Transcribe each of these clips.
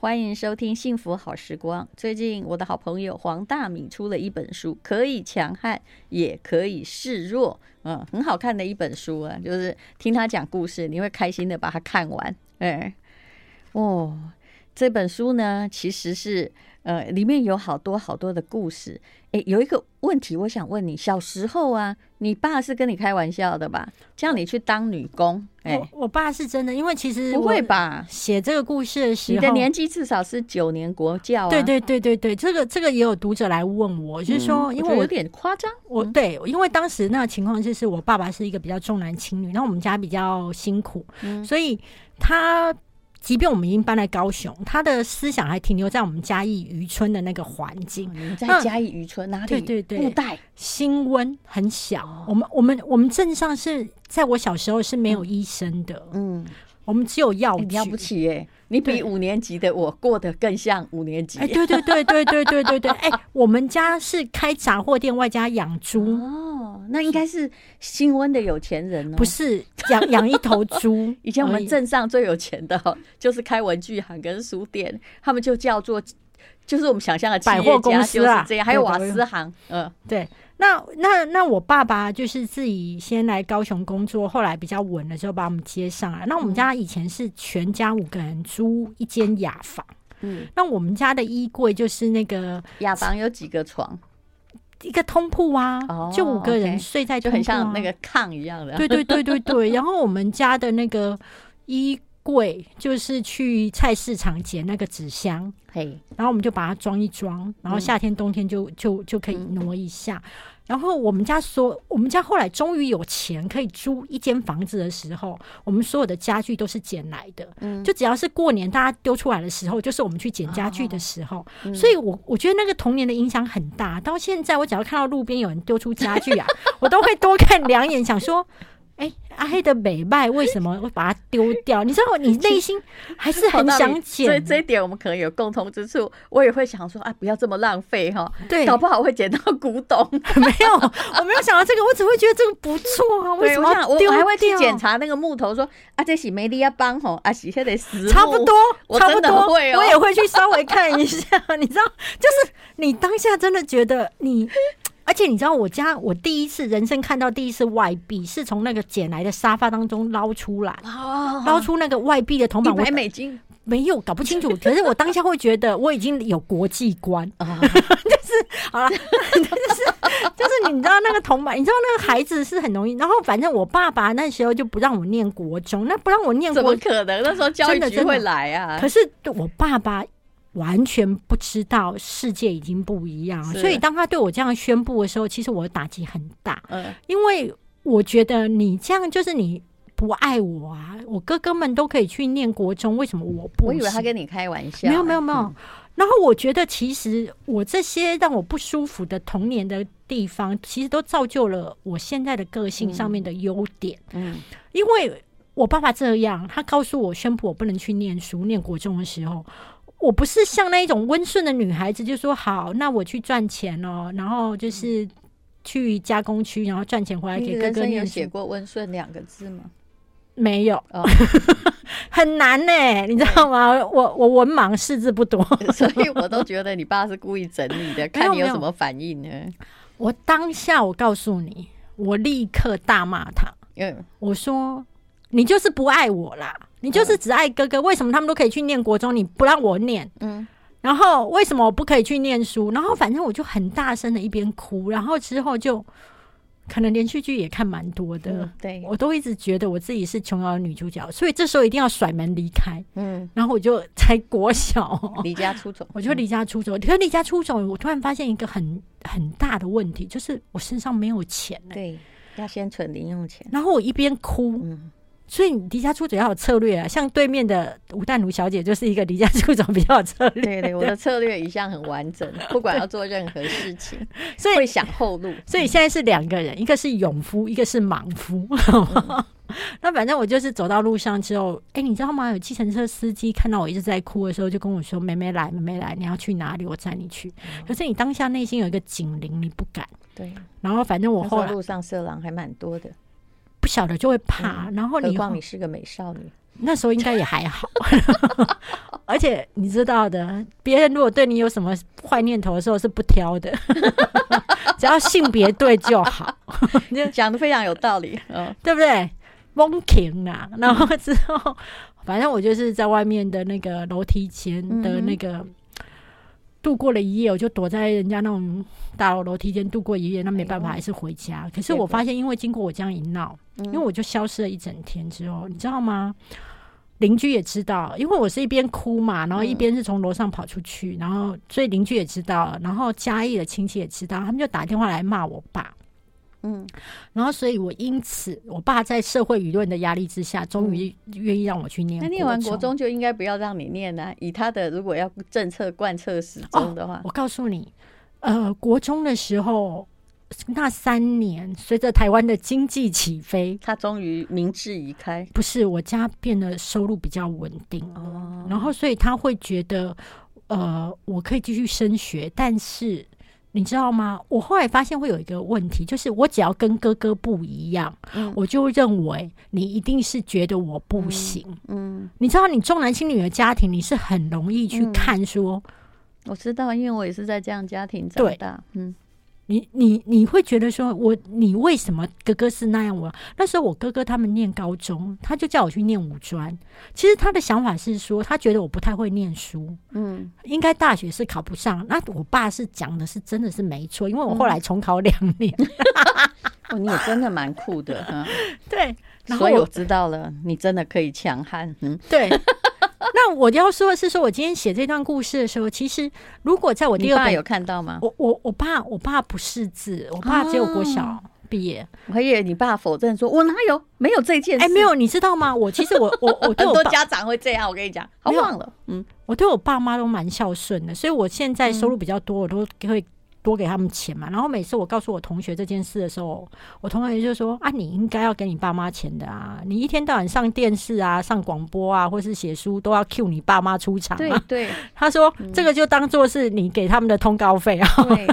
歡迎收聽《幸福好時光》。最近，我的好朋友黃大米出了一本書，可以強悍，也可以示弱，嗯，很好看的一本書啊！就是聽他講故事，你會開心的把它看完，哎、嗯，哦。這本書呢，其實是呃，裡面有好多好多的故事。哎，有一個問題，我想問你：小時候啊，你爸是跟你開玩笑的吧？叫你去當女工？哎，我爸是真的，因為其實不會吧？寫這個故事的時候，你的年紀至少是九年國教、啊。對對對對對，這個這個也有讀者來問我，就是說，嗯、因為我有點誇張。我，我對，因為當時那情況就是，我爸爸是一個比較重男輕女，然後我們家比較辛苦，嗯、所以他。即便我們已經搬來高雄，他的思想還停留在我們嘉義漁村的那個環境，哦、在嘉義漁村、啊、哪裡？對對對，布袋代。新塭很小，哦、我們我們我們鎮上是在我小時候是沒有醫生的，嗯，我們只有藥，要、欸、不起哎、欸。你比五年級的我過得更像五年級。哎，對，對對對對對對對對，哎、 欸，我們家是開雜貨店外加養豬哦，那應該是新溫的有錢人呢、哦。不是養養一頭豬。 以前我們鎮上最有錢的、喔、已就是開文具行跟書店，他們就叫做，就是我們想象的百貨公司啊，這樣還有瓦斯行，對對對嗯，對。那那那我爸爸就是自己先來高雄工作，後來比較穩了之後把我們接上來。那我們家以前是全家五個人租一間雅房，嗯，那我們家的衣櫃就是那個雅房有幾個床，一個通鋪啊，哦，就五個人睡在通鋪啊，就很像那個炕一樣的。對對對對對， 然後我們家的那個衣櫃。貴就是去菜市場撿那個紙箱，嘿，然後我們就把它裝一裝，然後夏天冬天就、嗯、就就、就可以挪一下。嗯、然後我們家說，我們家後來終於有錢可以租一間房子的時候，我們所有的家具都是撿來的，嗯，就只要是過年大家丟出來的時候，就是我們去撿家具的時候。哦嗯、所以我我覺得那個童年的影響很大，到現在我只要看到路邊有人丟出家具啊， 我都會多看兩眼，想說。 哎，阿黑的美拜為什麼會把它丟掉？你知道，你內心還是很想撿、哦。所以這一點我們可能有共同之處。我也會想說，啊，不要這麼浪費哈。喔、對，搞不好會撿到古董。沒有，我沒有想到這個， 我只會覺得這個不錯啊。為什麼？我還會去檢查那個木頭說，說啊，這洗沒力要幫吼，啊洗下得死。差不多，差不多。我，喔、我也會去稍微看一下。 你知道，就是你當下真的覺得你。而且你知道，我家我第一次人生看到第一次外幣，是從那個撿來的沙發當中撈出來，撈出那個外幣的銅板，我還沒經，沒有搞不清楚。 可是我當下會覺得，我已經有國際觀啊、 嗯。就是好了，就是就是你知道那個銅板， 你知道那個孩子是很容易。然後反正我爸爸那時候就不讓我念國中，那不讓我念國中，怎麼可能那時候教育局會來啊。可是我爸爸。完全不知道世界已經不一樣，所以當他對我這樣宣布的時候，其實我的打擊很大。嗯，因為我覺得你這樣就是你不愛我啊！我哥哥們都可以去念國中，為什麼我不？我以為他跟你開玩笑，沒有沒有沒有。然後我覺得，其實我這些讓我不舒服的童年的地方，其實都造就了我現在的個性上面的優點。嗯，因為我爸爸這樣，他告訴我宣布我不能去念書、念國中的時候。我不是像那一種溫順的女孩子，就說好，那我去賺錢哦、喔，然後就是去加工區，然後賺錢回來給哥哥。你有寫過“溫順”兩個字嗎？沒有，哦、 很難呢、欸，嗯、你知道嗎？我我文盲，識字不多， 所以我都覺得你爸是故意整你的，有看你有什麼反應呢？我當下，我告訴你，我立刻大罵他，因為、嗯、我說你就是不愛我啦。你就是只愛哥哥，嗯、為什麼他們都可以去念國中，你不讓我念？嗯，然後為什麼我不可以去念書？然後反正我就很大聲的一邊哭，然後之後就可能連續劇也看蠻多的。嗯、對，我都一直覺得我自己是瓊瑤女主角，所以這時候一定要甩門離開。嗯，然後我就才國小離家出走， 我就離家出走。嗯、可是離家出走，我突然發現一個很很大的問題，就是我身上沒有錢。對，要先存零用錢。然後我一邊哭，嗯所以你離家出走要有策略啊，像對面的吳淡如小姐就是一個離家出走比較有策略。對對，對，我的策略一向很完整， 不管要做任何事情，對所以會想後路。所以現在是兩個人，嗯、一個是勇夫，一個是莽夫。嗯、那反正我就是走到路上之後，哎、欸，你知道嗎？有計程車司機看到我一直在哭的時候，就跟我說：“妹妹來，妹妹來，你要去哪裡？我載你去。嗯”可是你當下內心有一個警鈴，你不敢。對。然後反正我後來路上色狼還蠻多的。小的就會怕，然後你光你是個美少女，那時候應該也還好， 而且你知道的，別人如果對你有什麼壞念頭的時候是不挑的， 只要性別對就好。 你講得非常有道理，嗯， 對不對？蒙恬了然後之後， 反正我就是在外面的那個樓梯前的那個。嗯 度過了一夜，我就躲在人家那種大樓樓梯間度過一夜。那沒辦法，還是回家。可是我發現，因為經過我這樣一鬧，因為我就消失了一整天之後，你知道嗎？鄰居也知道，因為我是一邊哭嘛，然後一邊是從樓上跑出去，然後所以鄰居也知道了，然後嘉義的親戚也知道，他們就打電話來罵我爸。嗯，然後，所以我因此，我爸在社會輿論的壓力之下，終於願意讓我去念、嗯。那念完國中就應該不要讓你念了、啊，以他的如果要政策貫徹始終的話。哦、我告訴你，呃，國中的時候那三年，隨着台灣的經濟起飛，他終於民智已開。不是，我家變得收入比較穩定哦，然後所以他會覺得，呃，我可以繼續升學，但是。你知道嗎？我後來發現會有一個問題，就是我只要跟哥哥不一樣，嗯、我就認為你一定是覺得我不行。嗯，嗯，你知道，你重男輕女的家庭，你是很容易去看說、嗯，我知道，因為我也是在這樣家庭長大。對嗯你你你會覺得說我，我你為什麼哥哥是那樣？我那時候我哥哥他們念高中，他就叫我去念五專。其實他的想法是說，他覺得我不太會念書，嗯，應該大學是考不上。那我爸是講的是真的是沒錯，因為我後來重考兩年。嗯、 哦，你也真的蠻酷的 對，然所以我知道了， 你真的可以強悍。嗯，對。 那我要說的是，說我今天寫這段故事的時候，其實如果在我第二本有看到嗎？我我我爸我爸不識字，我爸只有國小畢業。可、啊、以，你爸否認說，我哪有沒有這件事？哎、欸，沒有，你知道嗎？我其實我我我，對我 很多家長會這樣，我跟你講，我有忘了。嗯，我對我爸媽都蠻孝順的，所以我現在收入比較多，嗯、我都會。多給他們錢嘛，然後每次我告訴我同學這件事的時候，我同學就說：“啊，你應該要給你爸媽錢的啊，你一天到晚上電視啊、上廣播啊，或是寫書都要 cue 你爸媽出場、啊。對”對對，他說、嗯、這個就當做是你給他們的通告費啊。對，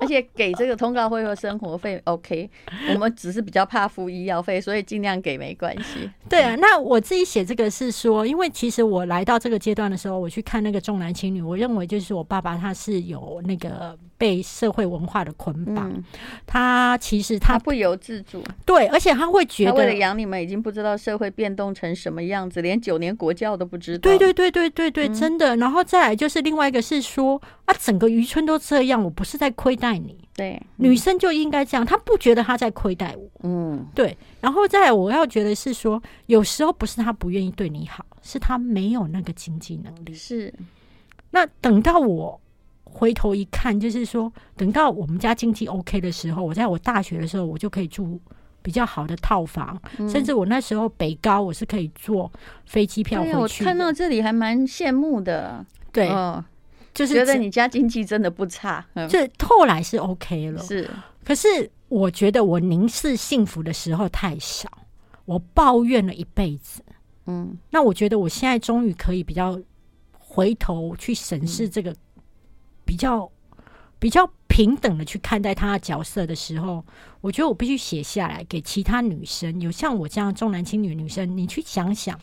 而且給這個通告費和生活費 OK， 我們只是比較怕付醫藥費，所以盡量給沒關係。對啊，那我自己寫這個是說，因為其實我來到這個階段的時候，我去看那個重男輕女，我認為就是我爸爸他是有那個。嗯被社會文化的捆綁，嗯、他其實他,他不由自主，對，而且他會覺得他為了養你們，已經不知道社會變動成什麼樣子，連九年國教都不知道。對,對,對,對,對,對，對、嗯，對，對，對，對，真的。然後再來就是另外一個是說啊，整個漁村都這樣，我不是在虧待你。對，嗯、女生就應該這樣，她不覺得她在虧待我。嗯，對。然後再來我要覺得是說，有時候不是他不願意對你好，是他沒有那個經濟能力。是，那等到我。回頭一看，就是說，等到我們家經濟 OK 的時候，我在我大學的時候，我就可以住比較好的套房，嗯、甚至我那時候北高，我是可以坐飛機票回去。嗯、我看到這裡還蠻羨慕的，對，哦、就是覺得你家經濟真的不差。嗯、就後來是 OK 了，是。可是我覺得我凝視幸福的時候太少，我抱怨了一輩子。嗯，那我覺得我現在終於可以比較回頭去審視這個。比較比較平等的去看待他的角色的時候，我覺得我必須寫下來給其他女生。有像我這樣重男輕女的女生，你去想想，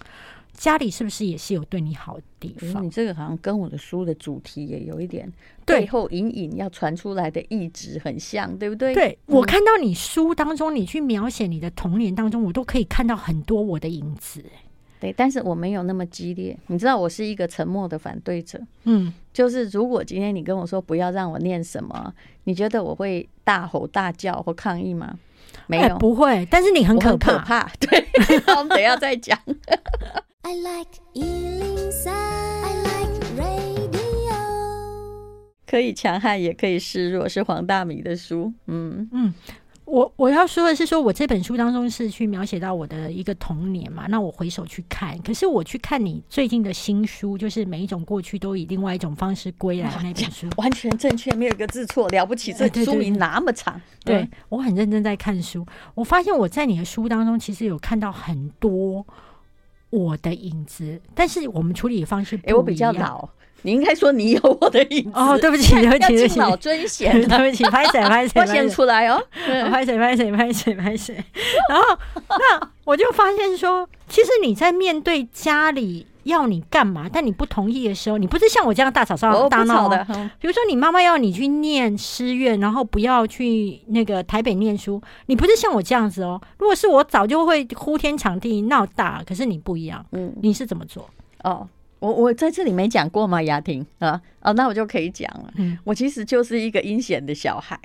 家裡是不是也是有對你好的地方？哦、你這個好像跟我的書的主題也有一點對背後隱隱要傳出來的意志很像，對不對？對、嗯、我看到你書當中，你去描寫你的童年當中，我都可以看到很多我的影子。對，但是我沒有那麼激烈。你知道我是一個沉默的反對者。嗯，就是如果今天你跟我說不要讓我念什麼，你覺得我會大吼大叫或抗議嗎？沒有，欸、不會。但是你很可怕。可怕對，我們等一下再講。 I like 103. I like radio. 可以強悍，也可以示弱，是黃大米的書。嗯嗯。我我要說的是，說我這本書當中是去描寫到我的一個童年嘛，那我回首去看，可是我去看你最近的新書，就是每一種過去都以另外一種方式歸來那本書，完全正確，沒有一個字錯，了不起。對對對，這書名那麼長。對，我很認真在看書，我發現我在你的書當中其實有看到很多我的影子，但是我們處理的方式不一樣、欸、我比較老你應該說你有我的影子哦，對不起，對不起，對不起，敬老尊賢，對不起，拍誰拍誰，我顯 出來哦，哦，拍誰拍誰拍誰拍誰，然後那我就發現說，其實你在面對家裡要你幹嘛，但你不同意的時候，你不是像我這樣大吵大鬧、哦，大、哦、的。哦、比如說你媽媽要你去念師院，然後不要去那個台北念書，你不是像我這樣子哦。如果是我早就會呼天搶地鬧大，可是你不一樣，嗯，你是怎麼做、嗯、哦？我我在這裡沒講過嗎？雅婷啊哦、啊，那我就可以講了。嗯、我其實就是一個陰險的小孩，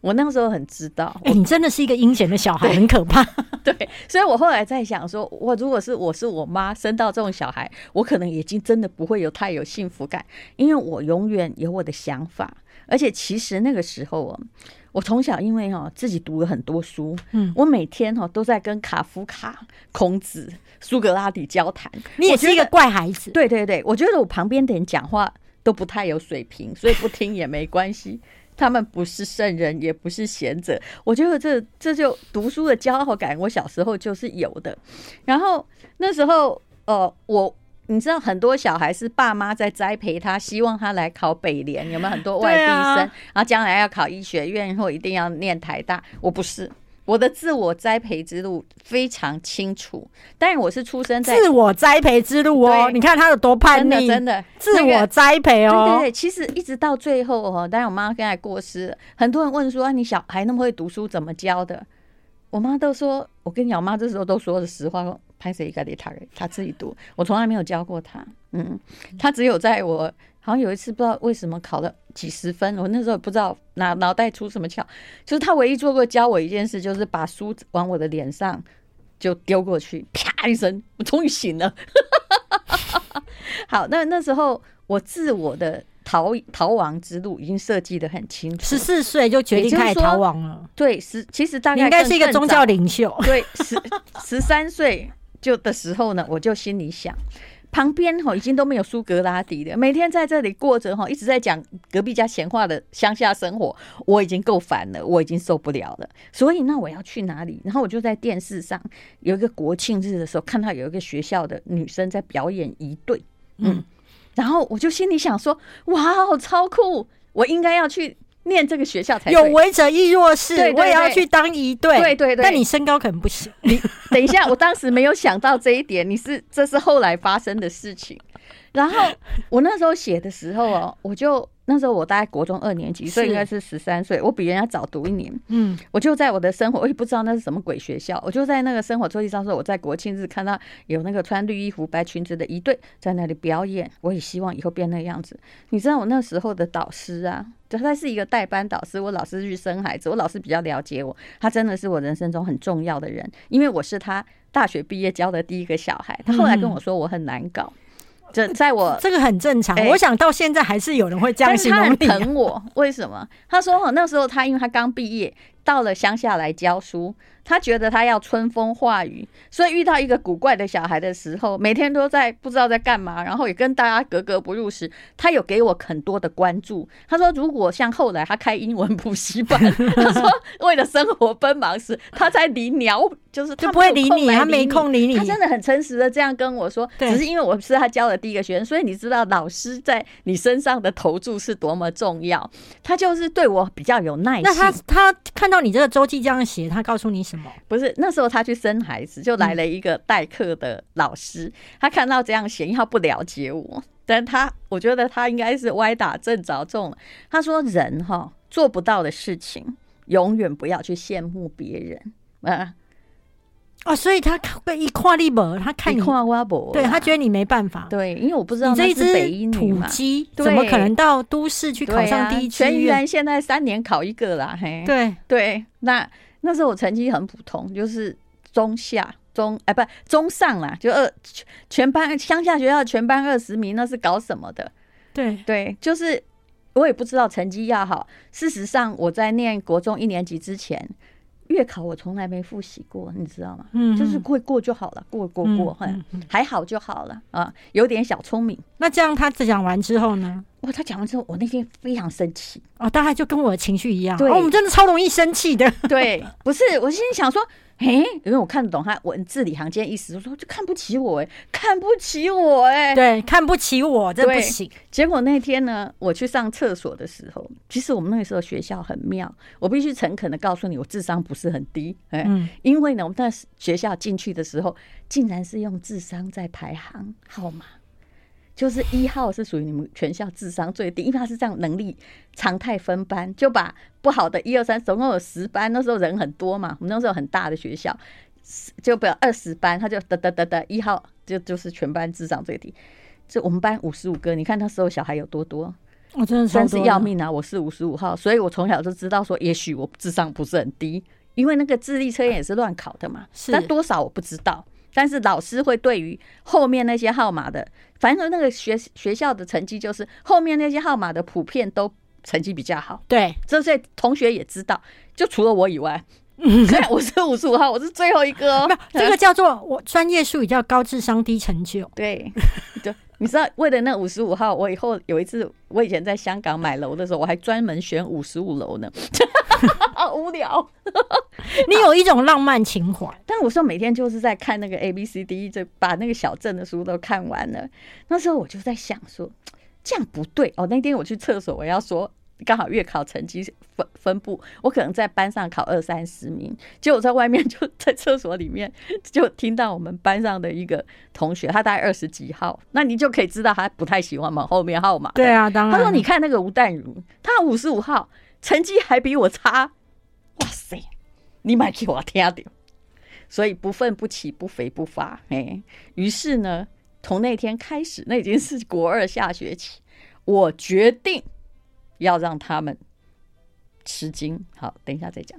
我那個時候很知道、欸。你真的是一個陰險的小孩，對很可怕。對，所以我後來在想說，說我如果是我是我媽生到這種小孩，我可能已經真的不會有太有幸福感，因為我永遠有我的想法。而且其實那個時候、喔我從小因為哈自己讀了很多書，嗯，我每天哈都在跟卡夫卡、孔子、蘇格拉底交談。你也是一個怪孩子，對對對，我覺得我旁邊的人講話都不太有水平，所以不聽也沒關係。 他們不是聖人，也不是賢者。我覺得這這就讀書的驕傲感，我小時候就是有的。然後那時候，呃，我。你知道很多小孩是爸媽在栽培他，希望他來考北聯，有沒有很多外地生？對啊，然後將來要考醫學院，以後一定要念台大。我不是，我的自我栽培之路非常清楚。但我是出生在自我栽培之路哦。對你看他有多叛逆，真的，真的自我栽培哦，那個。對對對，其實一直到最後哦，當然我媽剛才過世，很多人問說，啊，你小孩那麼會讀書，怎麼教的？我媽都說，我跟你媽這時候都說的實話。他是個大他人，他自己讀，我從來沒有教過他。嗯，他只有在我好像有一次不知道為什麼考了幾十分，我那時候不知道腦腦袋出什麼竅，就是他唯一做過教我一件事，就是把書往我的臉上就丟過去，啪一聲，我終於醒了。 好，那那時候我自我的逃逃亡之路已經設計得很清楚，十四歲就決定開始逃亡了。對，十其實大概應該是一個宗教領袖。對，十十三歲。就的時候呢，我就心裡想，旁邊齁已經都沒有蘇格拉底了，每天在這裡過着齁一直在講隔壁家閒話的鄉下生活，我已經夠煩了，我已經受不了了。所以那我要去哪裡？然後我就在電視上有一個國慶日的時候，看到有一個學校的女生在表演儀隊。嗯，嗯，然後我就心裡想說，哇，超酷，我應該要去。念這個學校才有為者亦若是，對對對我也要去當儀隊。對對對，但你身高可能不行。對對對你等一下， 我當時沒有想到這一點，你是這是後來發生的事情。然後我那時候寫的時候哦， 我就。那時候我大概國中二年級，所以應該是十三歲。我比人家早讀一年。嗯，我就在我的生活，我也不知道那是什麼鬼學校。我就在那個生活週期上說，我在國慶日看到有那個穿綠衣服、白裙子的儀隊在那裡表演。我也希望以後變那樣子。你知道我那時候的導師啊，就他是一個代班導師。我老師去生孩子，我老師比較了解我。他真的是我人生中很重要的人，因為我是他大學畢業教的第一個小孩。他後來跟我說，我很難搞。嗯這在我這個很正常，欸、我想到現在還是有人會這樣子形容你、啊、但他很疼我， 為什麼？他說那時候他因為他剛畢業。到了鄉下來教書，他覺得他要春風化雨，所以遇到一個古怪的小孩的時候，每天都在不知道在幹嘛，然後也跟大家格格不入時，他有給我很多的關注。他說，如果像後來他開英文補習班， 他說為了生活奔忙時，他在理鳥，就是他就不會理你，他沒空理你。他真的很誠實的這樣跟我說，對只是因為我是他教的第一個學生，所以你知道老師在你身上的投注是多麼重要。他就是對我比較有耐心。那他他看。照你這個週記這樣寫，他告訴你什麼？不是那時候他去生孩子，就來了一個代課的老師。嗯、他看到這樣寫，因為他不了解我，但他我覺得他應該是歪打正着中了。他說人：“人哈做不到的事情，永遠不要去羨慕別人。啊”啊、哦，所以他被一跨立本，他看你，看對，他覺得你沒辦法，對，因為我不知道那是北一女的土雞怎麼可能到都市去考上第一，啊，全員現在三年考一個啦，嘿，對對，那那時候我成績很普通，就是中下中，哎，不中上啦，就二全班鄉下學校全班二十名，那是搞什麼的？對對，就是我也不知道成績要好。事實上，我在念國中一年級之前。月考我從來沒複習過，你知道嗎？嗯，嗯，就是會過就好了，過過過，嗯嗯嗯嗯，還好就好了啊，嗯，有點小聰明。那這樣他講完之後呢？哇，他講完之後，我那天非常生氣哦，大概就跟我的情緒一樣，對 哦、我們真的超容易生氣的。對， 不是，我心裡想說，哎，因為我看得懂他文字裡行間意思，說就看不起我，哎，看不起我，哎，對，看不起我，這對 對 不行。結果那天呢，我去上廁所的時候，其實我們那個時候學校很妙，我必須誠懇的告訴你，我智商不是很低，哎，因為呢，我們在學校進去的時候，竟然是用智商在排行號碼。就是一號是屬於你們全校智商最低，因為他是這樣能力常態分班，就把不好的一二三總共有十班，那時候人很多嘛，我們那時候很大的學校，就比如二十班，他就得得得得，一號就就是全班智商最低。就我們班五十五個，你看那時候小孩有多多，我、哦、真的但是要命啊！我是五十五號，所以我從小就知道說，也許我智商不是很低，因為那個智力測驗也是亂考的嘛，是但多少我不知道。但是老師會對於後面那些號碼的，反正那個學學校的成績就是後面那些號碼的普遍都成績比較好。對，這些同學也知道，就除了我以外。嗯， 我是五十五號，我是最後一個哦。沒有，這個叫做我專業術語叫高智商低成就。對， 就你知道為了那五十五號，我以後有一次，我以前在香港買樓的時候，我還專門選五十五樓呢。好無聊，你有一種浪漫情懷。啊，但我說每天就是在看那個 A B C D，就把那個小鎮的書都看完了。那時候我就在想說，這樣不對哦。那天我去廁所，我要說。剛好月考成績分分佈，我可能在班上考二三十名，結果在外面就在廁所裡面就聽到我們班上的一個同學，他大概二十幾號，那你就可以知道他不太喜歡往後面號碼。對啊，當然。他說：“你看那個吳淡如，他五十五號，成績還比我差。”哇塞，你買給我聽的。所以不憤不啟，不悱不發。嘿、欸，於是呢，從那天開始，那已經是國二下學期，我決定。要讓他們吃驚。好，等一下再講。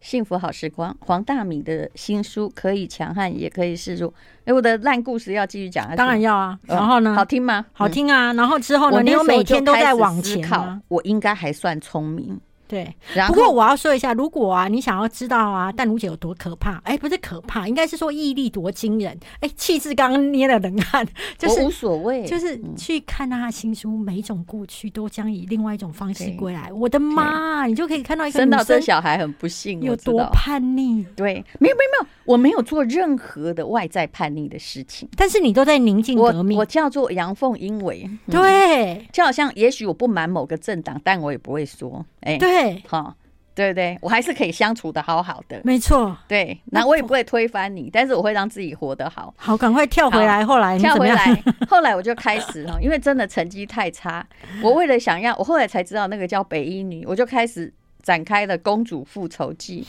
幸福好時光，黃大米的新書可以強悍，也可以示弱。哎，我的爛故事要繼續講啊！當然要啊。然後呢？哦，好聽嗎？好聽啊。然後之後呢？你有每天都在往前嗎？我應該還算聰明。對，然後不過我要說一下，如果啊，你想要知道啊，淡如姐有多可怕？哎，不是可怕，應該是說毅力多驚人。哎，氣質剛剛捏了冷汗，就是無所謂，就是去看她新書。嗯、每一種過去都將以另外一種方式歸來。對我的媽，對你就可以看到一個生的小孩很不幸，有多叛逆。對，沒有沒有沒有，我沒有做任何的外在叛逆的事情。但是你都在寧靜革命，我，我叫做陽奉陰違。嗯、對，就好像也許我不滿某個政黨，但我也不會說。哎、欸，對。對，哈、哦，對對，我還是可以相處的好好的，沒錯，對，那我也不會推翻你，錯但是我會讓自己活得好，好，趕快跳回來，好後來跳回來， 後來我就開始哈，因為真的成績太差，我為了想要，我後來才知道那個叫北一女，我就開始展開了公主復仇記，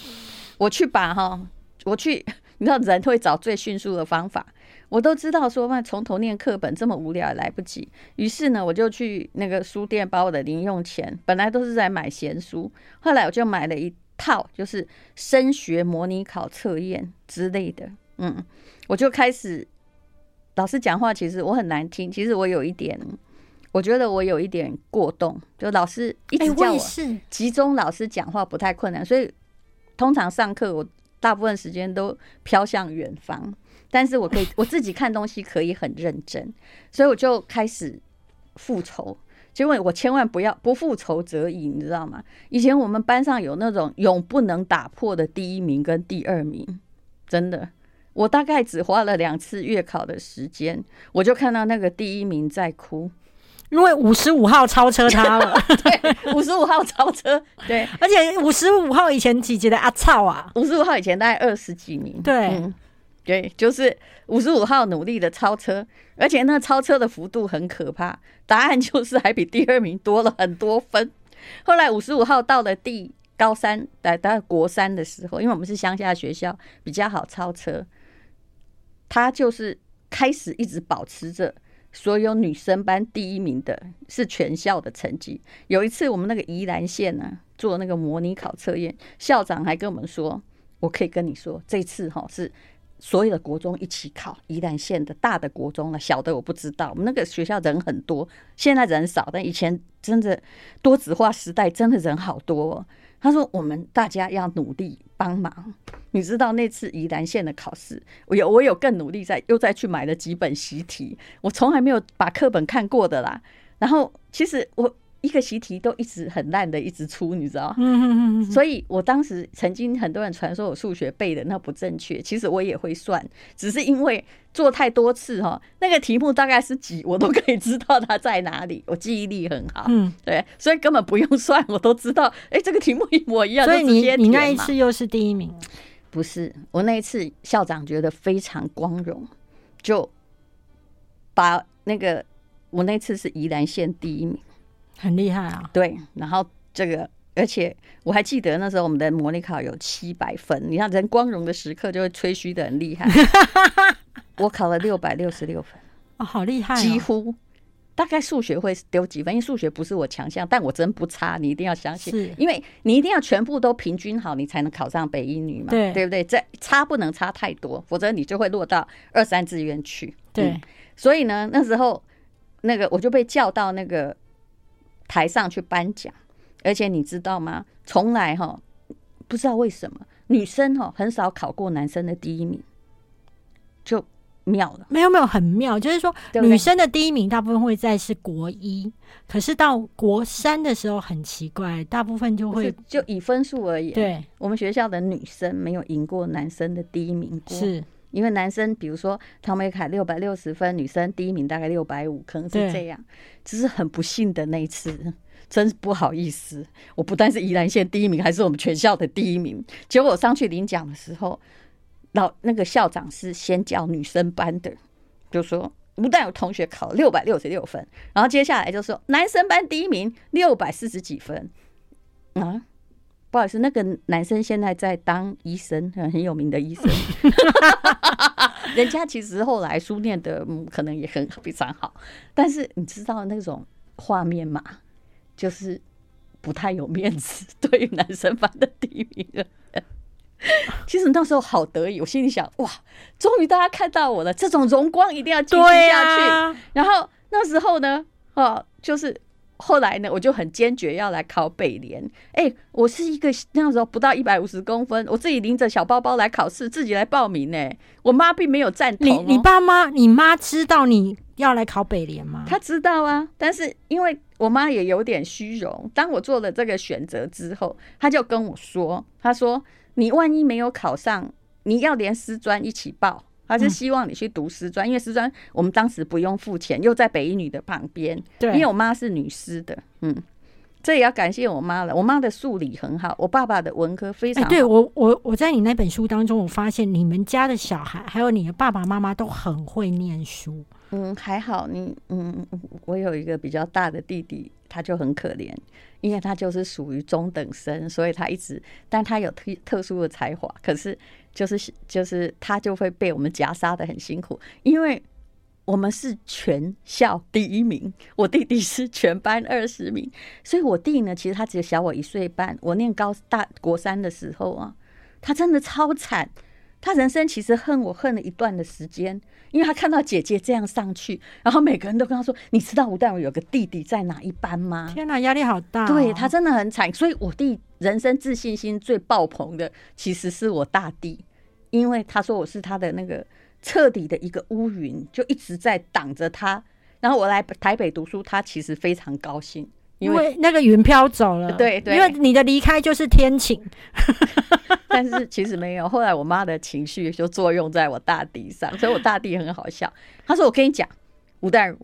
我去把哈，我去，你知道人會找最迅速的方法。我都知道，說那從頭念課本這麼無聊，也來不及。於是呢，我就去那個書店，把我的零用錢本來都是在買閒書，後來我就買了一套，就是升學模擬考測驗之類的。嗯，我就開始老師講話，其實我很難聽。其實我有一點，我覺得我有一點過動，就老師一直叫我集中。老師講話不太困難，所以通常上課我大部分時間都飄向遠方。但是我可以，我自己看東西可以很認真，所以我就開始復仇。結果我千萬不要，不復仇則已，你知道嗎？以前我們班上有那種永不能打破的第一名跟第二名，真的。我大概只花了兩次月考的時間，我就看到那個第一名在哭，因為五十五號超車他了。 對，五十五號超車。對，而且五十五號以前幾級的阿操啊，五十五號以前大概二十幾名。對。嗯。對，就是五十五號努力的超車，而且那超車的幅度很可怕。答案就是還比第二名多了很多分。後來五十五號到了第高三，來到國三的時候，因為我們是鄉下的學校，比較好超車。他就是開始一直保持着所有女生班第一名的，是全校的成績。有一次我們那個宜蘭縣呢、啊、做那個模擬考測驗，校長還跟我們說：“我可以跟你說，這次哈、哦、是。”所有的國中一起考宜蘭縣的大的國中了啊，小的我不知道。我們那個學校人很多，現在人少，但以前真的多子化時代，真的人好多哦。他說我們大家要努力幫忙，你知道那次宜蘭縣的考試，我有我有更努力在，又再去買了幾本習題，我從來沒有把課本看過的啦。然後其實我。一個習題都一直很爛的，一直出，你知道嗯嗯嗯嗯。所以，我當時曾經很多人傳說我數學背的那不正確，其實我也會算，只是因為做太多次哈，那個題目大概是幾，我都可以知道它在哪裡，我記憶力很好。嗯，對，所以根本不用算，我都知道。哎，這個題目一模一樣。所以你你那一次又是第一名？不是，我那一次校長覺得非常光榮，就把那個我那次是宜蘭縣第一名。很厲害啊！對，然後這個，而且我還記得那時候我們的模擬考有七百分，你看人光榮的時刻就會吹噓的很厲害。 我考了六百六十六分，哦，好厲害，哦！幾乎大概數學會丟幾分，因為數學不是我強項，但我真不差，你一定要相信，是因為你一定要全部都平均好，你才能考上北一女嘛，對，對不對？這差不能差太多，否則你就會落到二三志願去。嗯、對，所以呢，那時候那個我就被叫到那個。台上去頒獎，而且你知道嗎？從來哈，不知道為什麼女生哦，很少考過男生的第一名，就妙了。沒有沒有，很妙，就是說對對女生的第一名大部分會在是國一，可是到國三的時候很奇怪，大部分就會就以分數而言，對我們學校的女生沒有贏過男生的第一名過是。因為男生，比如說唐美凱六百六十分，女生第一名大概六百五，可能是這樣，對這是很不幸的那一次，真是不好意思。我不但是宜蘭縣第一名，還是我們全校的第一名。結果我上去領獎的時候，老那個校長是先叫女生班的，就說不但有同學考六百六十六分，然後接下來就說男生班第一名六百四十幾分，啊。不好意思，那個男生現在在當醫生，很有名的醫生。 人家其實後來書念的可能也很非常好，但是你知道那種畫面嗎？就是不太有面子，對於男生班的第一名。 其實那時候好得意，我心裡想：哇，終於大家看到我了，這種榮光一定要繼續下去。啊、然後那時候呢，哦、啊，就是。後來呢，我就很堅決要來考北聯。誒、欸，我是一個那個時候不到一百五十公分，我自己拎着小包包來考試，自己來報名呢、欸。我媽並沒有贊同、喔你。你你爸媽，你媽知道你要來考北聯嗎？她知道啊，但是因為我媽也有點虛榮，當我做了這個選擇之後，她就跟我說：“她說你萬一沒有考上，你要連師專一起報。”還是希望你去讀師專，嗯、因為師專我們當時不用付錢，又在北一女的旁邊。對，因為我媽是女師的，嗯，這也要感謝我媽了。我媽的數理很好，我爸爸的文科非常好。哎、對我，我我在你那本書當中，我發現你們家的小孩還有你的爸爸媽媽都很會念書。嗯，還好你，你嗯，我有一個比較大的弟弟，他就很可憐，因為他就是屬於中等生，所以他一直，但他有特特殊的才華，可是。就是就是他就會被我們夾殺得很辛苦，因為我們是全校第一名，我弟弟是全班二十名，所以我弟呢，其實他只有小我一歲半。我念高大國三的時候啊，他真的超慘，他人生其實恨我恨了一段的時間，因為他看到姐姐這樣上去，然後每個人都跟他說：“你知道吳淡如有個弟弟在哪一班嗎？”天哪、啊，壓力好大、哦。對，他真的很慘，所以我弟。人生自信心最爆棚的，其實是我大弟，因為他說我是他的那個徹底的一個烏雲，就一直在擋着他。然後我來台北讀書，他其實非常高興，因為，因為那個雲飄走了。對，對，對，對，因為你的離開就是天晴。 但是其實沒有，後來我媽的情緒就作用在我大弟上，所以我大弟很好笑。 他說：“我跟你講，吳淡如，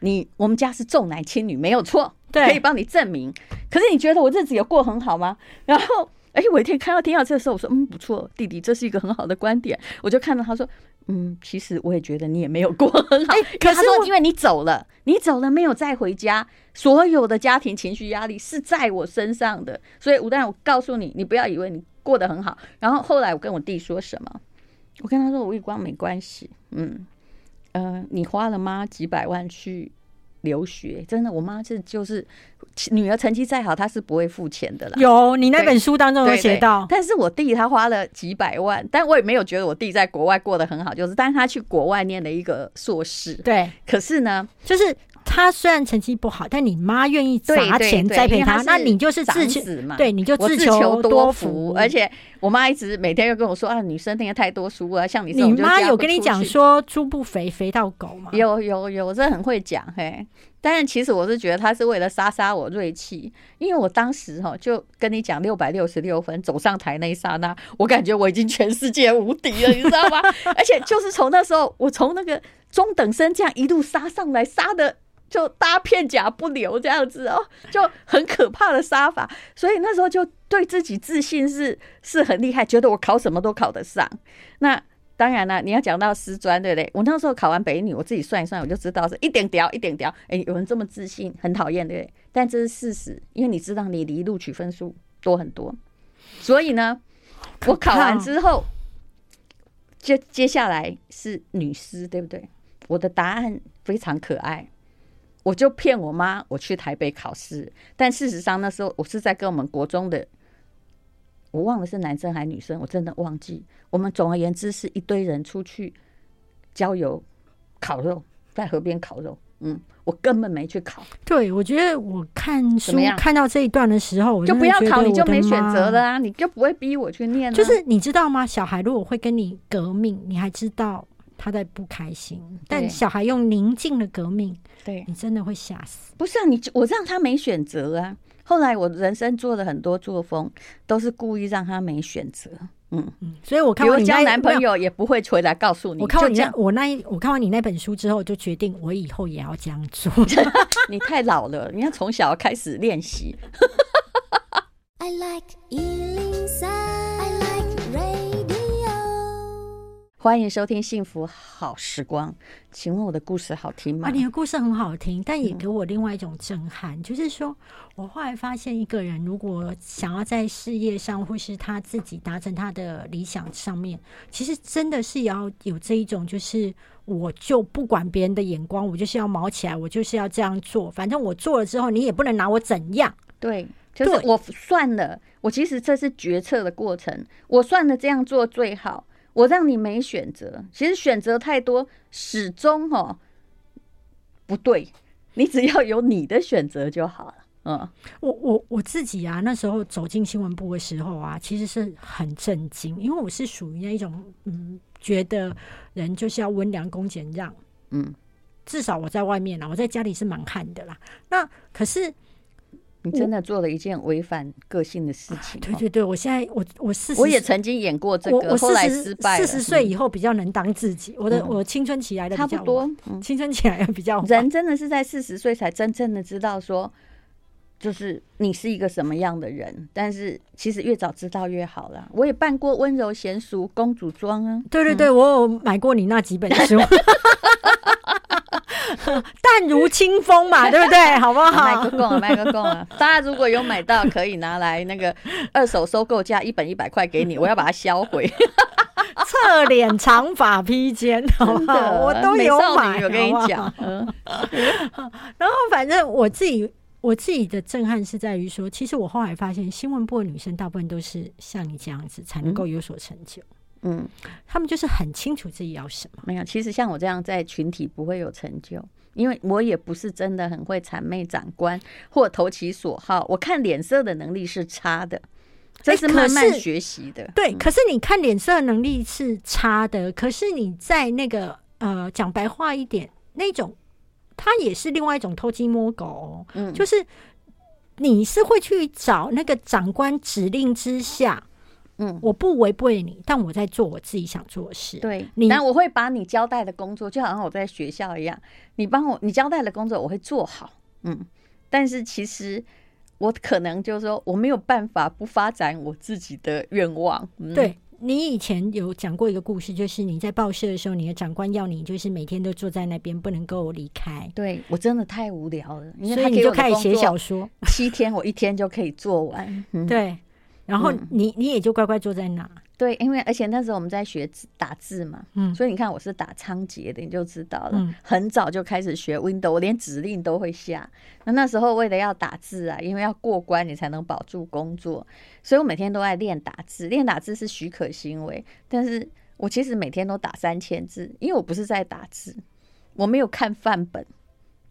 你我們家是重男輕女，沒有錯。”可以幫你證明，可是你覺得我日子有過很好嗎？然後，哎，我一天看到天下這的時候，我說，嗯，不錯，弟弟，這是一個很好的觀點。我就看到他說，嗯，其實我也覺得你也沒有過很好。誒可是，他說因為你走了，你走了沒有再回家，所有的家庭情緒壓力是在我身上的。所以，吳淡如，我告訴你，你不要以為你過得很好。然後後來我跟我弟說什麼？我跟他說，吳玉光沒關係。嗯，呃，你花了嗎？幾百萬去？留學真的，我媽是就，就是女兒成績再好，她是不會付錢的啦。有，你那本書當中有寫到。對對對，但是我弟他花了幾百萬，但我也沒有覺得我弟在國外過得很好，就是，但是他去國外念了一個碩士。對，可是呢，就是。他雖然成績不好，但你媽願意砸錢栽培他，對對對，那你就是自求嘛？對，你就自求多福。多福，而且我媽一直每天又跟我說啊，女生念太多書啊，像你這種。你媽有跟你講說豬不肥肥到狗嗎？有有有，我真的很會講嘿。但是其實我是覺得他是為了殺殺我銳氣，因為我當時哈就跟你講六百六十六分走上台那一剎那，我感覺我已經全世界無敵了， 你知道嗎？而且就是從那時候，我從那個中等生這樣一路殺上來，殺的。就搭片甲不留這樣子哦、喔，就很可怕的殺法。所以那時候就對自己自信是是很厲害，覺得我考什麼都考得上。那當然了、啊，你要講到師專，對不對？我那時候考完北女，我自己算一算，我就知道是一定掉，一定掉。哎，有人這麼自信，很討厭，對不對？但這是事實，因為你知道你離錄取分數多很多。所以呢，我考完之後，接接下來是女師，對不對？我的答案非常可愛。我就騙我媽，我去台北考試，但事實上那時候我是在跟我們國中的，我忘了是男生還是女生，我真的忘記。我們總而言之是一堆人出去郊遊、烤肉，在河邊烤肉。嗯，我根本沒去考。對，我覺得我看書看到這一段的時候，我覺得就不要考，你就沒選擇了啊，的你就不會逼我去念啊。就是你知道嗎？小孩如果會跟你革命，你還知道。他在不開心，但小孩用寧靜的革命，對你真的會嚇死。不是啊，你我讓他沒選擇啊。後來我人生做的很多作風都是故意讓他沒選擇。嗯嗯，所以我看我交男朋友也不會回來告訴你。我看我那一，我看完你那本書之後，就決定我以後也要這樣做。 你太老了，你要從小開始練習。 I like inside, I like 歡迎收聽《幸福好時光》。請問我的故事好聽嗎？啊，你的故事很好聽，但也給我另外一種震撼，嗯、就是說我後來發現，一個人如果想要在事業上或是他自己達成他的理想上面，其實真的是要有這一種，就是我就不管別人的眼光，我就是要毛起來，我就是要這樣做，反正我做了之後，你也不能拿我怎樣。對，就是對我算了，我其實這是決策的過程，我算了這樣做最好。我讓你沒選擇，其實選擇太多始終哦、喔，不對，你只要有你的選擇就好了。嗯，我我我自己啊，那時候走進新聞部的時候啊，其實是很震驚，因為我是屬於那一種嗯，覺得人就是要溫良恭儉讓。嗯，至少我在外面啦，我在家裡是蠻悍的啦。那可是。你真的做了一件違反個性的事情。對對對，我現在我我是我也曾經演過這個，後來失敗了。四十歲以後比較能當自己，我的我青春期來的差不多，青春期來的比較。人真的是在四十歲才真正的知道說，就是你是一個什麼樣的人。但是其實越早知道越好了。我也扮過溫柔賢淑公主裝啊。對對對，我有買過你那幾本書。 淡如清風嘛，對不對？ 好不好？買個貢，買個貢。大家如果有買到，可以拿來那個二手收購價，一本一百塊給你。 我要把它銷毀。側 臉長髮披肩， 好不好？的我都有買，好好我跟你講。 然後，反正我自己我自己的震撼是在於說，其實我後來發現，新聞部的女生大部分都是像你這樣子，才能夠有所成就。嗯嗯，他們就是很清楚自己要什麼。沒有，其實像我這樣在群體不會有成就，因為我也不是真的很會諂媚長官或投其所好。我看臉色的能力是差的，這是慢慢、欸、是學習的。對，嗯、可是你看臉色的能力是差的，可是你在那個呃，講白話一點，那種他也是另外一種偷雞摸狗，哦。嗯，就是你是會去找那個長官指令之下。嗯，我不違背你，但我在做我自己想做的事。對，但你我會把你交代的工作，就好像我在學校一樣，你幫我你交代的工作，我會做好。嗯，但是其實我可能就是說，我沒有辦法不發展我自己的願望。嗯、對，你以前有講過一個故事，就是你在報社的時候，你的長官要你就是每天都坐在那邊不能夠離開。對，我真的太無聊了，因為他，所以你就開始寫小說，七天我一天就可以做完。嗯、對。然後你、嗯、你也就乖乖坐在哪？對，因為而且那時候我們在學打字嘛，嗯，所以你看我是打倉頡的，你就知道了。很早就開始學 window 我連指令都會下。那時候為了要打字啊，因為要過關你才能保住工作，所以我每天都在練打字。練打字是許可行為，但是我其實每天都打三千字，因為我不是在打字，我沒有看範本，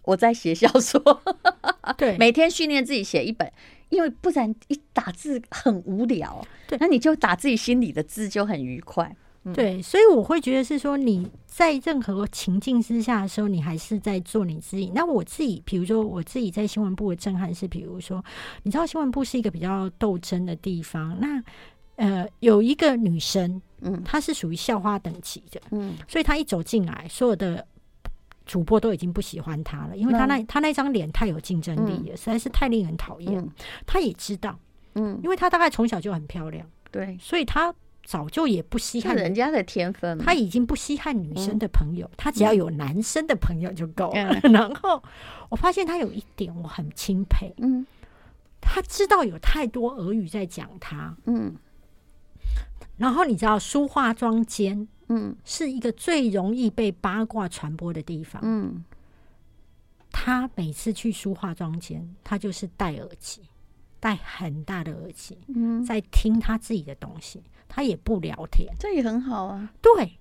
我在寫小說。 對，每天訓練自己寫一本。因為不然一打字很無聊，對，那你就打自己心裡的字就很愉快，對，嗯，所以我會覺得是說你在任何情境之下的時候，你還是在做你自己。那我自己，比如說我自己在新聞部的震撼是，比如說你知道新聞部是一個比較鬥爭的地方，那呃有一個女生，嗯，她是屬於校花等級的，嗯，所以她一走進來，所有的。主播都已經不喜歡他了，因為他那，他那張臉太有競爭力了，實在是太令人討厭。他也知道，嗯，因為他大概從小就很漂亮，對，所以他早就也不稀罕人家的天分，他已經不稀罕女生的朋友，他只要有男生的朋友就夠了。然後我發現他有一點我很欽佩，嗯，他知道有太多俄語在講他，嗯，然後你知道梳化妝間。嗯，是一個最容易被八卦傳播的地方。嗯，他每次去梳化妝間，他就是戴耳機，戴很大的耳機，嗯，在聽他自己的東西，他也不聊天，這也很好啊。對，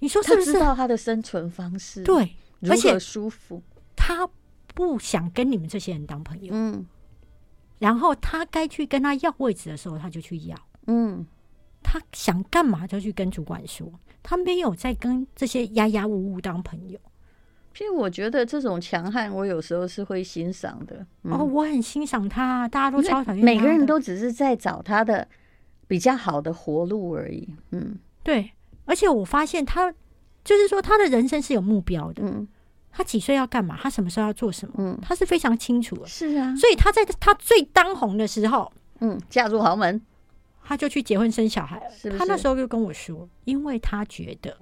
你說是不是？他知道他的生存方式，對，而且舒服。他不想跟你們這些人當朋友，嗯。然後他該去跟他要位置的時候，他就去要，嗯。他想幹嘛就去跟主管說，他沒有在跟這些壓壓嗚嗚當朋友。其實我覺得這種強悍，我有時候是會欣賞的。嗯、哦，我很欣賞他，大家都超討厭。每個人都只是在找他的比較好的活路而已。嗯，對。而且我發現他就是說，他的人生是有目標的。嗯，他幾歲要幹嘛？他什麼時候要做什麼？嗯，他是非常清楚的。是啊。所以他在他最當紅的時候，嗯，嫁入豪門。他就去結婚生小孩了，是是，他那時候就跟我說，因為他覺得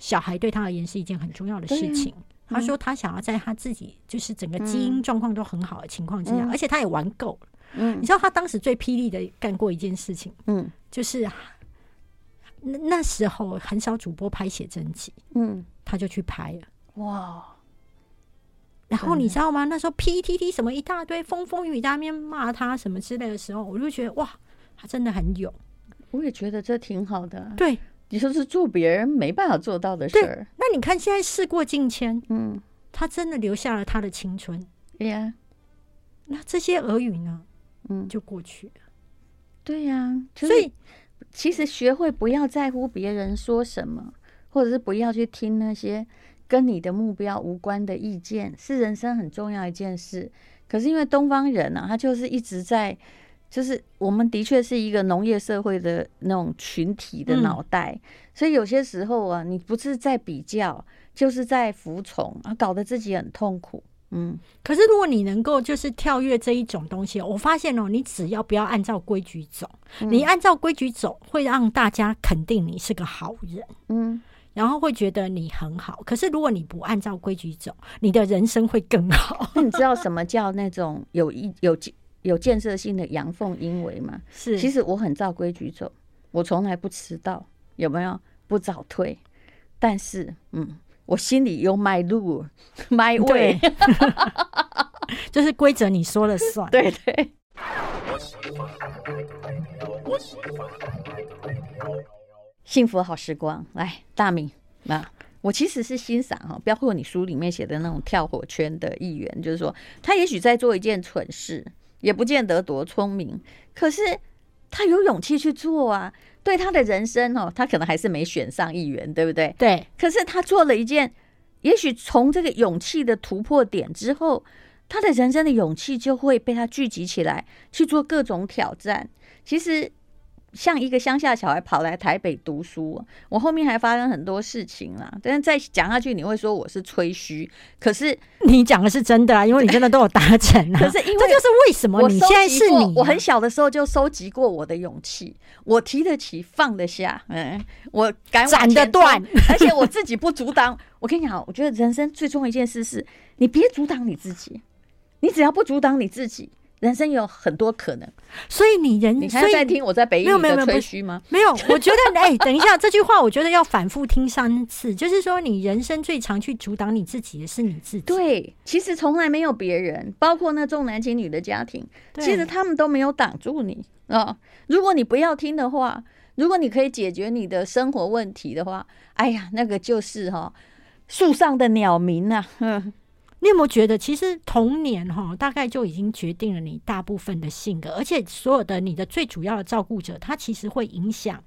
小孩對他而言是一件很重要的事情。嗯、他說他想要在他自己就是整個基因狀況都很好的情況之下，嗯、而且他也玩夠了。嗯、你知道他當時最霹靂的幹過一件事情，嗯，就是、啊、那，那時候很少主播拍寫真集，嗯，他就去拍了。哇！然後你知道嗎？那時候 PTT 什麼一大堆風風雨雨，在那邊罵他什麼之類的時候，我就覺得哇！他真的很勇，我也覺得這挺好的。對，你說是做別人沒辦法做到的事兒。那你看現在事過境遷，嗯，他真的留下了他的青春。對、哎、呀，那這些惡語呢？嗯，就過去了。對呀、啊，就是、所以其實學會不要在乎別人說什麼，或者是不要去聽那些跟你的目標無關的意見，是人生很重要一件事。可是因為東方人呢、啊，他就是一直在。就是我們的確是一個農業社會的那種群體的腦袋，嗯、所以有些時候啊，你不是在比較，就是在服從，啊，搞得自己很痛苦。嗯，可是如果你能夠就是跳躍這一種東西，我發現哦，你只要不要按照規矩走，嗯、你按照規矩走會讓大家肯定你是個好人，嗯，然後會覺得你很好。可是如果你不按照規矩走，你的人生會更好。那你知道什麼叫那種有， 有一有有建設性的陽奉陰違嘛？是，其實我很照規矩走，我從來不遲到，有沒有？不早退，但是，嗯，我心裡有 my rule，my way，就是規則你說了算。 對，對對。幸福好時光，來大米啊！我其實是欣賞哈、哦，包括你書裡面寫的那種跳火圈的議員，就是說他也許在做一件蠢事。也不見得多聰明，可是他有勇氣去做啊。對他的人生哦，他可能還是沒選上議員，對不對？對。可是他做了一件，也許從這個勇氣的突破點之後，他的人生的勇氣就會被他聚集起來，去做各種挑戰。其實。像一個鄉下小孩跑來台北讀書，啊，我後面還發生很多事情啦。但是再講下去，你會說我是吹噓，可是你講的是真的啊，因為你真的都有達成啊。可是因為我這就是為什麼你現在是你，啊，我很小的時候就收集過我的勇氣，我提得起放得下，嗯、欸，我敢斬得斷，的斷而且我自己不阻擋。 我跟你講，我覺得人生最重要一件事是你別阻擋你自己，你只要不阻擋你自己。人生有很多可能，所以你人，你還在聽我在北有沒有吹噓嗎？沒有，我覺得，哎、欸，等一下這句話，我覺得要反復聽三次。 就是說，你人生最常去阻擋你自己的是你自己。對，其實從來沒有別人，包括那重男輕女的家庭，其實他們都沒有擋住你對哦，如果你不要聽的話，如果你可以解決你的生活問題的話，哎呀，那個就是哈、哦、樹上的鳥鳴啊。 你有沒有覺得，其實童年哈，大概就已經決定了你大部分的性格，而且所有的你的最主要的照顧者，他其實會影響，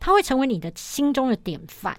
他會成為你的心中的典範。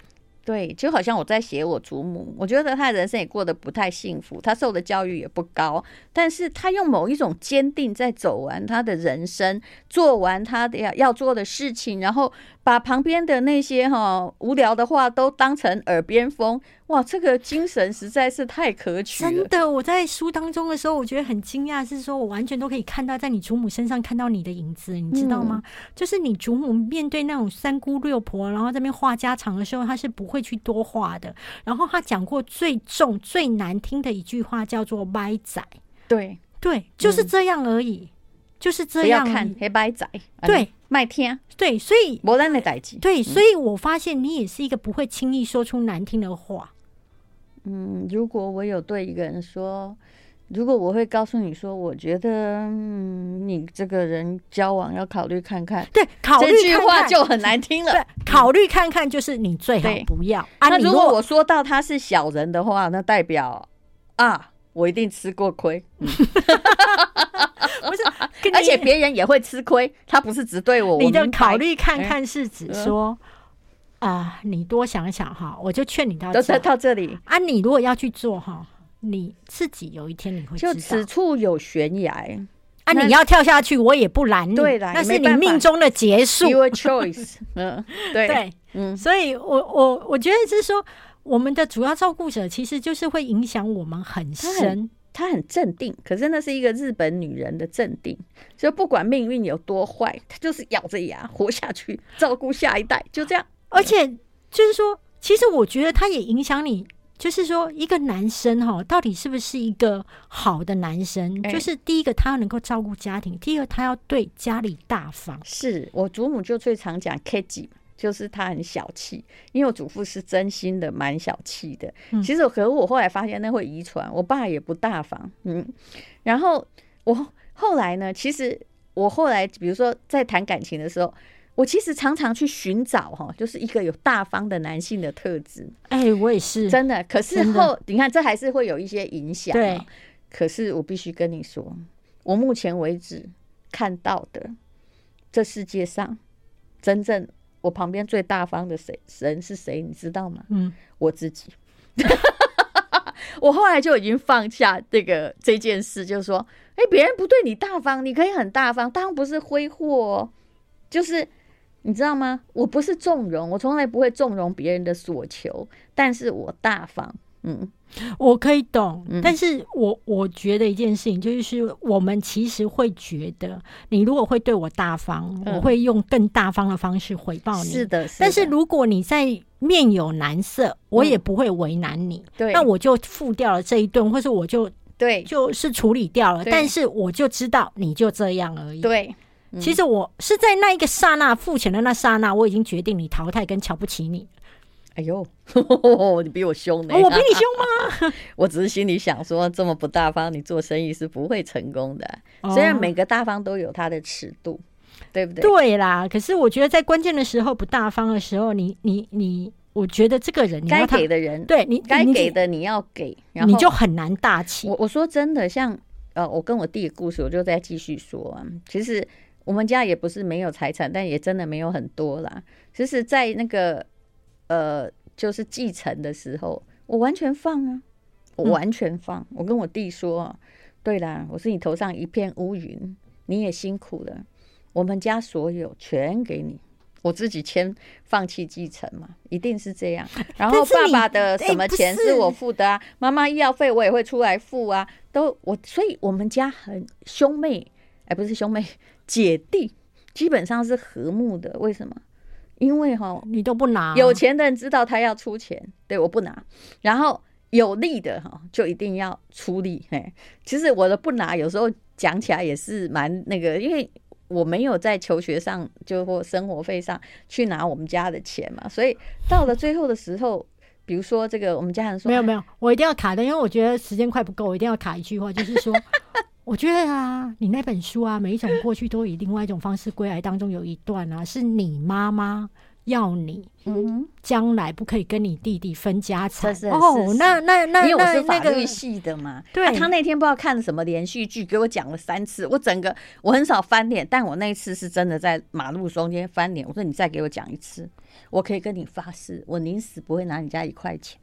對，就好像我在寫我祖母，我覺得他人生也過得不太幸福，他受的教育也不高，但是他用某一種堅定，在走完他的人生，做完他的要要做的事情，然後。把旁邊的那些哈無聊的話都當成耳邊風，哇，這個精神實在是太可取了。真的，我在書當中的時候，我覺得很驚訝，是說我完全都可以看到，在你祖母身上看到你的影子，你知道嗎？嗯、就是你祖母面對那種三姑六婆，然後這邊話家常的時候，她是不會去多話的。然後她講過最重最難聽的一句話叫做“歪仔”，對對，就是這樣而已，嗯、就是這樣。不要看黑白仔，嗯、對。麥天對，所以，對，所以我發現你也是一個不會輕易說出難聽的話。嗯，如果我有對一個人說，如果我會告訴你說，我覺得，嗯，你這個人交往要考慮看看。對，考慮這句話就很難聽了。看看，對，考慮看看就是你最好不要。對，啊，那如果我說到他是小人的話，那代表啊。我一定吃過虧，嗯、 不是，而且別人也會吃虧，他不是只對我。我你的考慮看看是指說、欸呃、啊，你多想想哈。我就勸你到，到到這裡啊。你如果要去做哈，你自己有一天你會就此處有懸崖啊，那你要跳下去，我也不攔你。那是你命中的結束。Your choice，嗯，對對，嗯，所以我我我覺得是說。我們的主要照顧者其實就是會影響我們很深，他很。她很鎮定，可是那是一個日本女人的鎮定，所以不管命運有多壞，她就是咬着牙活下去，照顧下一代，就這樣。而且就是說，其實我覺得她也影響你，就是說一個男生哈、哦，到底是不是一個好的男生？嗯、就是第一個，他要能夠照顧家庭，第二個，他要對家裡大方。是我祖母就最常講 k j 就是他很小氣，因為我祖父是真心的，蠻小氣的。嗯、其實，可我後來發現那會遺傳，我爸也不大方。嗯，然後我後來呢，其實我後來，比如說在談感情的時候，我其實常常去尋找哈、喔，就是一個有大方的男性的特質。哎、欸，我也是真的。可是後的你看，這還是會有一些影響、喔。對，可是我必須跟你說，我目前為止看到的這世界上真正。我旁邊最大方的誰人是誰？你知道嗎？嗯，我自己。 我後來就已經放下這個這件事，就是說，哎，別人不對你大方，你可以很大方。當然不是揮霍哦，就是你知道嗎？我不是縱容，我從來不會縱容別人的所求，但是我大方。嗯，我可以懂，嗯、但是我我覺得一件事情就是，我們其實會覺得，你如果會對我大方，嗯、我會用更大方的方式回報你。是的，是的，但是如果你在面有難色，嗯、我也不會為難你。對，那我就付掉了這一頓，或是我就對，就是處理掉了。對但是我就知道，你就這樣而已。對，嗯、其實我是在那一個剎那付錢的那剎那，我已經決定你淘汰跟瞧不起你。哎呦呵呵呵，你比我兇呢、欸哦！我比你兇嗎？ 我只是心裡想說，這麼不大方，你做生意是不會成功的。哦、雖然每個大方都有他的尺度，對不對？對啦，可是我覺得在關鍵的時候不大方的時候，你你你，我覺得這個人，該給的人對你該給的你要給，然後你就很難大氣。我我說真的，像呃，我跟我弟的故事，我就再繼續說、啊。其實我們家也不是沒有財產，但也真的沒有很多啦。其實，在那個。呃，就是繼承的時候，我完全放啊，我完全放。嗯、我跟我弟說、啊，對啦，我是你頭上一片烏雲，你也辛苦了，我們家所有全給你，我自己簽放棄繼承嘛，一定是這樣。然後爸爸的什麼錢是我付的啊，欸、媽媽醫藥費我也會出來付啊，都我，所以我們家很兄妹，哎、欸，不是兄妹，姐弟基本上是和睦的，為什麼？因為哈，你都不拿，有錢的人知道他要出錢，對我不拿，然後有力的哈，就一定要出力。嘿，其實我的不拿有時候講起來也是蠻那個，因為我沒有在求學上，就或生活費上去拿我們家的錢嘛，所以到了最後的時候，比如說這個我們家人說沒有沒有，我一定要卡的，因為我覺得時間快不夠，我一定要卡一句話，就是說。我覺得啊，你那本書啊，每一種過去都以另外一種方式歸來。當中有一段啊，嗯、是你媽媽要你，嗯，將來不可以跟你弟弟分家產。是是是哦，是是那那那你有法律系的嘛，對、那個啊。他那天不知道看了什麼連續劇，給我講了三次。我整個我很少翻臉，但我那一次是真的在馬路中間翻臉。我說你再給我講一次，我可以跟你發誓，我寧死不會拿你家一塊錢。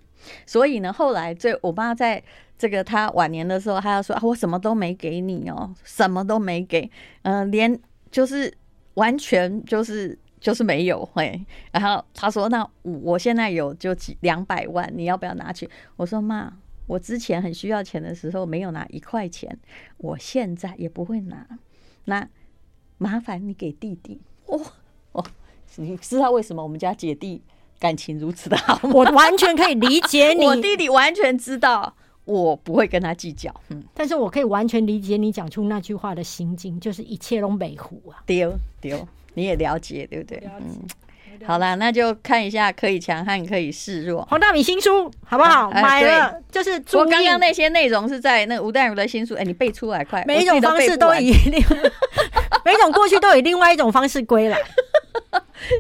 所以呢，後來在我爸在這個他晚年的時候，他要說啊，我什麼都沒給你哦、喔，什麼都沒給，嗯、呃，連就是完全就是就是沒有，嘿。然後他說，那我現在有就幾兩百萬，你要不要拿去？我說媽，我之前很需要錢的時候沒有拿一塊錢，我現在也不會拿。那麻煩你給弟弟哦哦，你知道為什麼我們家姐弟？感情如此的好，我完全可以理解你。 我弟弟完全知道，我不會跟他計較。嗯，但是我可以完全理解你講出那句話的心境，就是一切攏沒糊啊。丟丟，你也了解對不對？了解、嗯？好啦，那就看一下可以強悍可以示弱。黃大米新書好不好？啊、買了，呃、就是我剛剛那些內容是在那吳淡如的新書。哎、欸，你背出來快！每一種方式都以，每種過去都以另外一種方式歸來。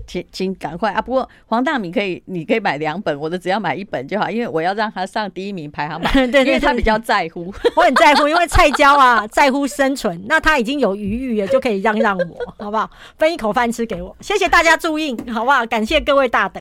請請趕快啊！不過黃大米可以，你可以買兩本，我的只要買一本就好，因為我要讓他上第一名排行榜， 對，對，對 因為他比較在乎， 我很在乎，因為菜椒啊 在乎生存，那他已經有餘裕了， 就可以讓讓我，好不好？分一口飯吃給我，謝謝大家注意，好不好？感謝各位大德。